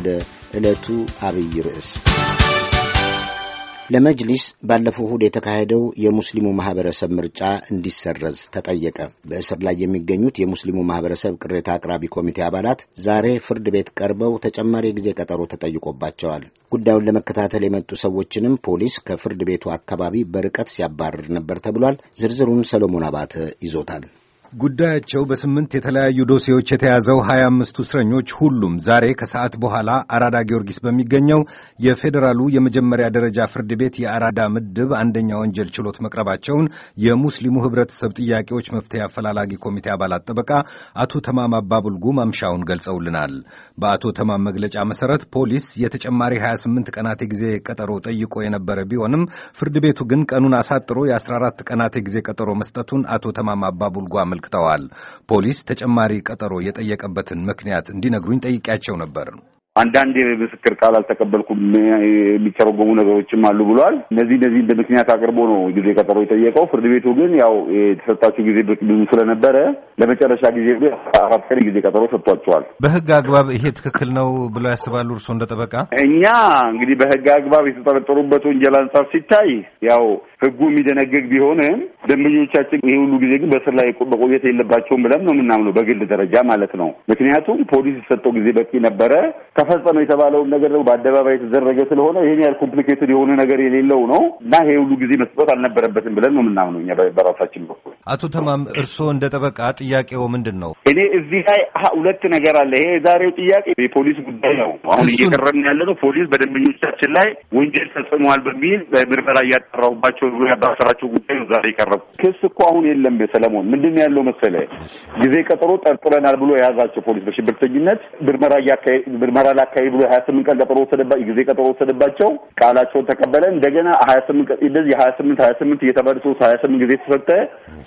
ወደ ዕለቱ አብይ ርዕስ ለመጅሊስ ባለፈው እሁድ የተካሄደው የሙስሊሙ ማህበረሰብ ምርጫ እንዲሰረዝ ተጠየቀ። በእስር ላይ የሚገኙት የሙስሊሙ ማህበረሰብ ቅሬታ አቅራቢ ኮሚቴ አባላት ዛሬ ፍርድ ቤት ቀርበው ተጨማሪ ጊዜ ቀጠሮ ተጠይቆባቸዋል። ጉዳዩን ለመከታተል የመጡ ሰዎችንም ፖሊስ ከፍርድ ቤቱ አካባቢ በርቀት ሲያባርር ነበር ተብሏል። ዝርዝሩን ሰሎሞን አባተ ይዞታል። ጉዳያቸው በስምንት የተለያዩ ዶሴዎች የተያዘው ሀያ አምስቱ እስረኞች ሁሉም ዛሬ ከሰዓት በኋላ አራዳ ጊዮርጊስ በሚገኘው የፌዴራሉ የመጀመሪያ ደረጃ ፍርድ ቤት የአራዳ ምድብ አንደኛ ወንጀል ችሎት መቅረባቸውን የሙስሊሙ ሕብረተሰብ ጥያቄዎች መፍትሄ አፈላላጊ ኮሚቴ አባላት ጠበቃ አቶ ተማም አባቡልጉ ማምሻውን ገልጸውልናል። በአቶ ተማም መግለጫ መሰረት ፖሊስ የተጨማሪ 28 ቀናት የጊዜ ቀጠሮ ጠይቆ የነበረ ቢሆንም ፍርድ ቤቱ ግን ቀኑን አሳጥሮ የ14 ቀናት የጊዜ ቀጠሮ መስጠቱን አቶ ተማም አባቡልጉ አመልክተዋል። ፖሊስ ተጨማሪ ቀጠሮ የጠየቀበትን ምክንያት እንዲነግሩኝ ጠይቄያቸው ነበር። አንዳንድ የምስክር ቃል አልተቀበልኩም የሚተረጎሙ ነገሮችም አሉ ብሏል። እነዚህ እነዚህ እንደ ምክንያት አቅርቦ ነው ጊዜ ቀጠሮ የጠየቀው። ፍርድ ቤቱ ግን ያው የተሰጣቸው ጊዜ ብዙ ስለነበረ ለመጨረሻ ጊዜ አራት ቀን ጊዜ ቀጠሮ ሰጥቷቸዋል። በህግ አግባብ ይሄ ትክክል ነው ብለው ያስባሉ እርስዎ እንደ ጠበቃ? እኛ እንግዲህ በህግ አግባብ የተጠረጠሩበት ወንጀል አንጻር ሲታይ ያው ህጉ የሚደነግግ ቢሆንም ደንበኞቻችን ይህ ሁሉ ጊዜ ግን በስር ላይ መቆየት የለባቸውም ብለን ነው የምናምነው፣ በግል ደረጃ ማለት ነው። ምክንያቱም ፖሊስ የሰጠው ጊዜ በቂ ነበረ። ተፈጸመው የተባለውን ነገር ደግሞ በአደባባይ የተደረገ ስለሆነ ይህን ያህል ኮምፕሊኬትድ የሆነ ነገር የሌለው ነው እና ይሄ ሁሉ ጊዜ መስጠት አልነበረበትም ብለን ነው የምናምነው እኛ በራሳችን በኩል አቶ ተማም እርስዎ እንደ ጠበቃ ጥያቄው ምንድን ነው? እኔ እዚህ ላይ ሁለት ነገር አለ። ይሄ የዛሬው ጥያቄ የፖሊስ ጉዳይ ነው። አሁን እየቀረብን ያለ ነው። ፖሊስ በደንበኞቻችን ላይ ወንጀል ፈጽመዋል በሚል በምርመራ እያጠራሁባቸው ያባሰራቸው ጉዳይ ነው ዛሬ የቀረቡ። ክስ እኮ አሁን የለም ሰለሞን። ምንድን ነው ያለው መሰለህ ጊዜ ቀጠሮ ጠርጥረናል ብሎ የያዛቸው ፖሊስ በሽብርተኝነት ምርመራ ምርመራ ላካሄድ ብሎ ሀያ ስምንት ቀን ቀጠሮ ጊዜ ቀጠሮ ወሰደባቸው። ቃላቸውን ተቀበለ። እንደገና ሀያ ስምንት እንደዚህ ሀያ ስምንት ሀያ ስምንት እየተባለ ሶስት ሀያ ስምንት ጊዜ ተሰጠ።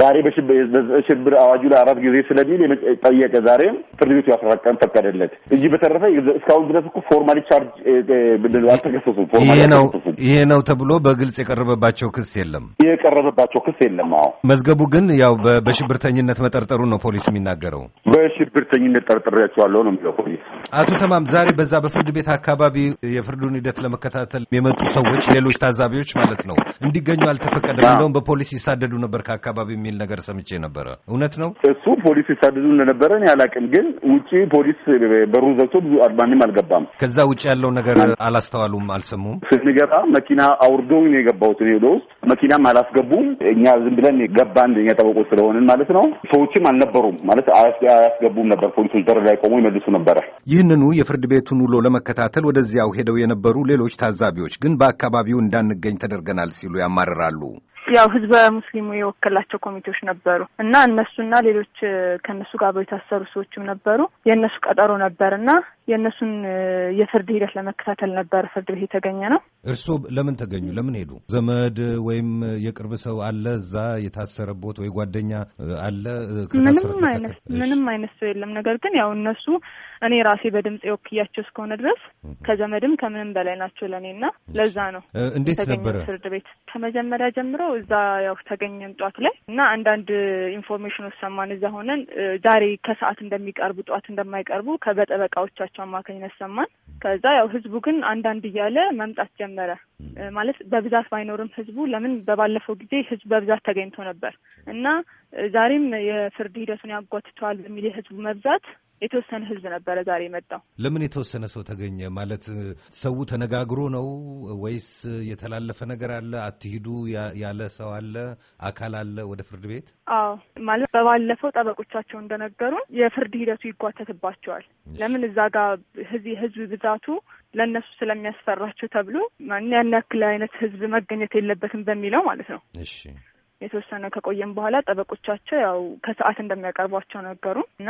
ዛሬ በሽብር አዋጁ ላይ አራት ጊዜ ስለሚል ጠየቀ። ዛሬ ፍርድ ቤቱ ያስራት ቀን ፈቀደለት እንጂ በተረፈ እስካሁን ድረስ እኮ ፎርማሊ ቻርጅ አልተከሰሱም። ይሄ ነው ተብሎ በግልጽ የቀረበባቸው ክስ የለም፣ የቀረበባቸው ክስ የለም። አዎ መዝገቡ ግን ያው በሽብርተኝነት መጠርጠሩ ነው ፖሊስ የሚናገረው። በሽብርተኝነት ጠርጥሬያቸዋለሁ ነው የሚለው ፖሊስ። አቶ ተማም ዛሬ በዛ በፍርድ ቤት አካባቢ የፍርዱን ሂደት ለመከታተል የመጡ ሰዎች ሌሎች ታዛቢዎች ማለት ነው እንዲገኙ አልተፈቀደም። እንደውም በፖሊስ ይሳደዱ ነበር ከአካባቢ የሚል ነገር ሰምቼ ነበረ። እውነት ነው? እሱ ፖሊስ ይሳድዱ እንደነበረ እኔ አላውቅም፣ ግን ውጭ ፖሊስ በሩ ዘግቶ ብዙ ማንም አልገባም። ከዛ ውጭ ያለው ነገር አላስተዋሉም፣ አልሰሙም። ስንገባ መኪና አውርዶ የገባሁት እኔ ወደ ውስጥ መኪናም አላስገቡም። እኛ ዝም ብለን ገባን፣ እኛ ጠበቆ ስለሆንን ማለት ነው። ሰዎችም አልነበሩም ማለት አያስገቡም ነበር። ፖሊሶች በር ላይ ቆሞ ይመልሱ ነበረ። ይህንኑ የፍርድ ቤቱን ውሎ ለመከታተል ወደዚያው ሄደው የነበሩ ሌሎች ታዛቢዎች ግን በአካባቢው እንዳንገኝ ተደርገናል ሲሉ ያማርራሉ። ያው ህዝበ ሙስሊሙ የወከላቸው ኮሚቴዎች ነበሩ እና እነሱና ሌሎች ከእነሱ ጋር የታሰሩ ሰዎችም ነበሩ። የእነሱ ቀጠሮ ነበር እና የእነሱን የፍርድ ሂደት ለመከታተል ነበር ፍርድ ቤት የተገኘ ነው። እርስዎ ለምን ተገኙ? ለምን ሄዱ? ዘመድ ወይም የቅርብ ሰው አለ እዛ የታሰረቦት ወይ ጓደኛ አለ? ምንም አይነት ምንም አይነት ሰው የለም። ነገር ግን ያው እነሱ እኔ ራሴ በድምጽ የወክያቸው እስከሆነ ድረስ ከዘመድም ከምንም በላይ ናቸው ለእኔና ለዛ ነው እንዴት ነበረ ፍርድ ቤት ከመጀመሪያ ጀምሮ እዛ ያው ተገኘን ጠዋት ላይ እና አንዳንድ ኢንፎርሜሽኖች ሰማን። እዛ ሆነን ዛሬ ከሰዓት እንደሚቀርቡ ጠዋት እንደማይቀርቡ ከበጠበቃዎቻቸው በእሳቸው አማካኝነት ሰማን። ከዛ ያው ህዝቡ ግን አንዳንድ እያለ መምጣት ጀመረ። ማለት በብዛት ባይኖርም ህዝቡ ለምን በባለፈው ጊዜ ህዝብ በብዛት ተገኝቶ ነበር እና ዛሬም የፍርድ ሂደቱን ያጓትተዋል በሚል የህዝቡ መብዛት የተወሰነ ህዝብ ነበረ ዛሬ የመጣው። ለምን የተወሰነ ሰው ተገኘ ማለት ሰው ተነጋግሮ ነው ወይስ የተላለፈ ነገር አለ? አትሂዱ ያለ ሰው አለ? አካል አለ ወደ ፍርድ ቤት? አዎ ማለት በባለፈው ጠበቆቻቸው እንደነገሩን የፍርድ ሂደቱ ይጓተትባቸዋል። ለምን እዛ ጋር ህዝብ ብዛቱ ለእነሱ ስለሚያስፈራቸው ተብሎ ያን ያክል አይነት ህዝብ መገኘት የለበትም በሚለው ማለት ነው። እሺ የተወሰነ ከቆየም በኋላ ጠበቆቻቸው ያው ከሰዓት እንደሚያቀርቧቸው ነገሩ እና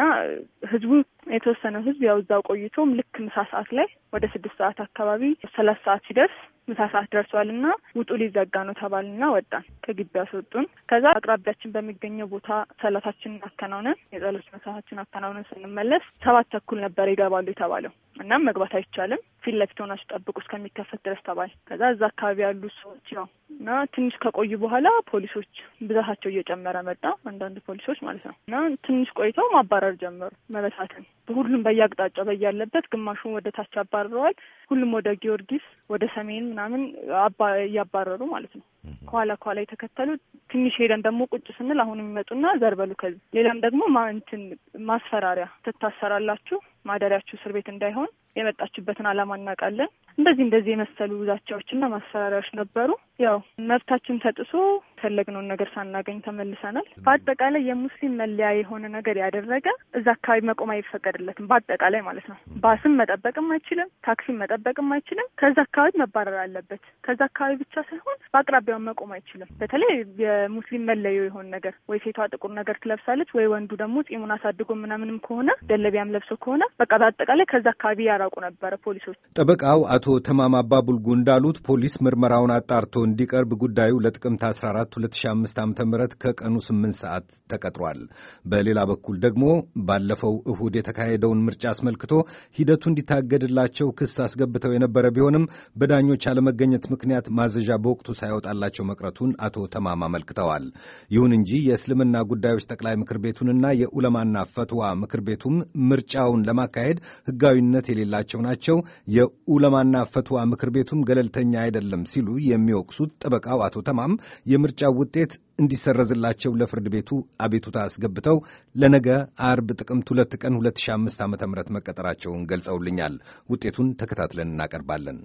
ህዝቡ የተወሰነው ህዝብ ያው እዛው ቆይቶም ልክ ምሳ ሰዓት ላይ ወደ ስድስት ሰዓት አካባቢ ሰላሳ ሰዓት ሲደርስ ምሳ ሰዓት ደርሷል እና ውጡ ሊዘጋ ነው ተባልና ወጣን። ከግቢ አስወጡን። ከዛ አቅራቢያችን በሚገኘው ቦታ ሰላታችንን አከናውነን የጸሎት መሳታችን አከናውነን ስንመለስ ሰባት ተኩል ነበር ይገባሉ የተባለው። እናም መግባት አይቻልም ፊት ለፊት ሆናችሁ ጠብቁ እስከሚከፈት ድረስ ተባል። ከዛ እዛ አካባቢ ያሉ ሰዎች ያው እና ትንሽ ከቆዩ በኋላ ፖሊሶች ብዛታቸው እየጨመረ መጣ። አንዳንድ ፖሊሶች ማለት ነው እና ትንሽ ቆይተው ማባረር ጀመሩ መበሳትን በሁሉም በየአቅጣጫው በያለበት ግማሹን ወደ ታች አባርረዋል። ሁሉም ወደ ጊዮርጊስ ወደ ሰሜን ምናምን እያባረሩ ማለት ነው። ከኋላ ከኋላ የተከተሉ ትንሽ ሄደን ደግሞ ቁጭ ስንል አሁን የሚመጡና ዘርበሉ ከዚህ ሌላም ደግሞ ማንትን ማስፈራሪያ ትታሰራላችሁ፣ ማደሪያችሁ እስር ቤት እንዳይሆን የመጣችሁበትን አላማ እናውቃለን፣ እንደዚህ እንደዚህ የመሰሉ ዛቻዎችና ማስፈራሪያዎች ነበሩ። ያው መብታችን ተጥሶ ፈለግነውን ነገር ሳናገኝ ተመልሰናል። በአጠቃላይ የሙስሊም መለያ የሆነ ነገር ያደረገ እዛ አካባቢ መቆም አይፈቀድለትም። በአጠቃላይ ማለት ነው። ባስም መጠበቅም አይችልም፣ ታክሲም መጠበቅም አይችልም። ከዛ አካባቢ መባረር አለበት። ከዛ አካባቢ ብቻ ሳይሆን በአቅራቢያው ብቻውን መቆም አይችልም። በተለይ የሙስሊም መለዮ የሆን ነገር ወይ ሴቷ ጥቁር ነገር ትለብሳለች ወይ ወንዱ ደግሞ ጺሙን አሳድጎ ምናምንም ከሆነ ደለቢያም ለብሶ ከሆነ በቃ በአጠቃላይ ከዛ አካባቢ ያራቁ ነበረ ፖሊሶች። ጠበቃው አቶ ተማም አባቡልጉ እንዳሉት ፖሊስ ምርመራውን አጣርቶ እንዲቀርብ ጉዳዩ ለጥቅምት 14 2005 ዓ ም ከቀኑ 8 ሰዓት ተቀጥሯል። በሌላ በኩል ደግሞ ባለፈው እሁድ የተካሄደውን ምርጫ አስመልክቶ ሂደቱ እንዲታገድላቸው ክስ አስገብተው የነበረ ቢሆንም በዳኞች አለመገኘት ምክንያት ማዘዣ በወቅቱ ሳይወጣ ሳይሳካላቸው መቅረቱን አቶ ተማም አመልክተዋል። ይሁን እንጂ የእስልምና ጉዳዮች ጠቅላይ ምክር ቤቱንና የኡለማና ፈትዋ ምክር ቤቱም ምርጫውን ለማካሄድ ህጋዊነት የሌላቸው ናቸው፣ የዑለማና ፈትዋ ምክር ቤቱም ገለልተኛ አይደለም ሲሉ የሚወቅሱት ጠበቃው አቶ ተማም የምርጫው ውጤት እንዲሰረዝላቸው ለፍርድ ቤቱ አቤቱታ አስገብተው ለነገ አርብ ጥቅምት ሁለት ቀን 2005 ዓ ም መቀጠራቸውን ገልጸውልኛል። ውጤቱን ተከታትለን እናቀርባለን።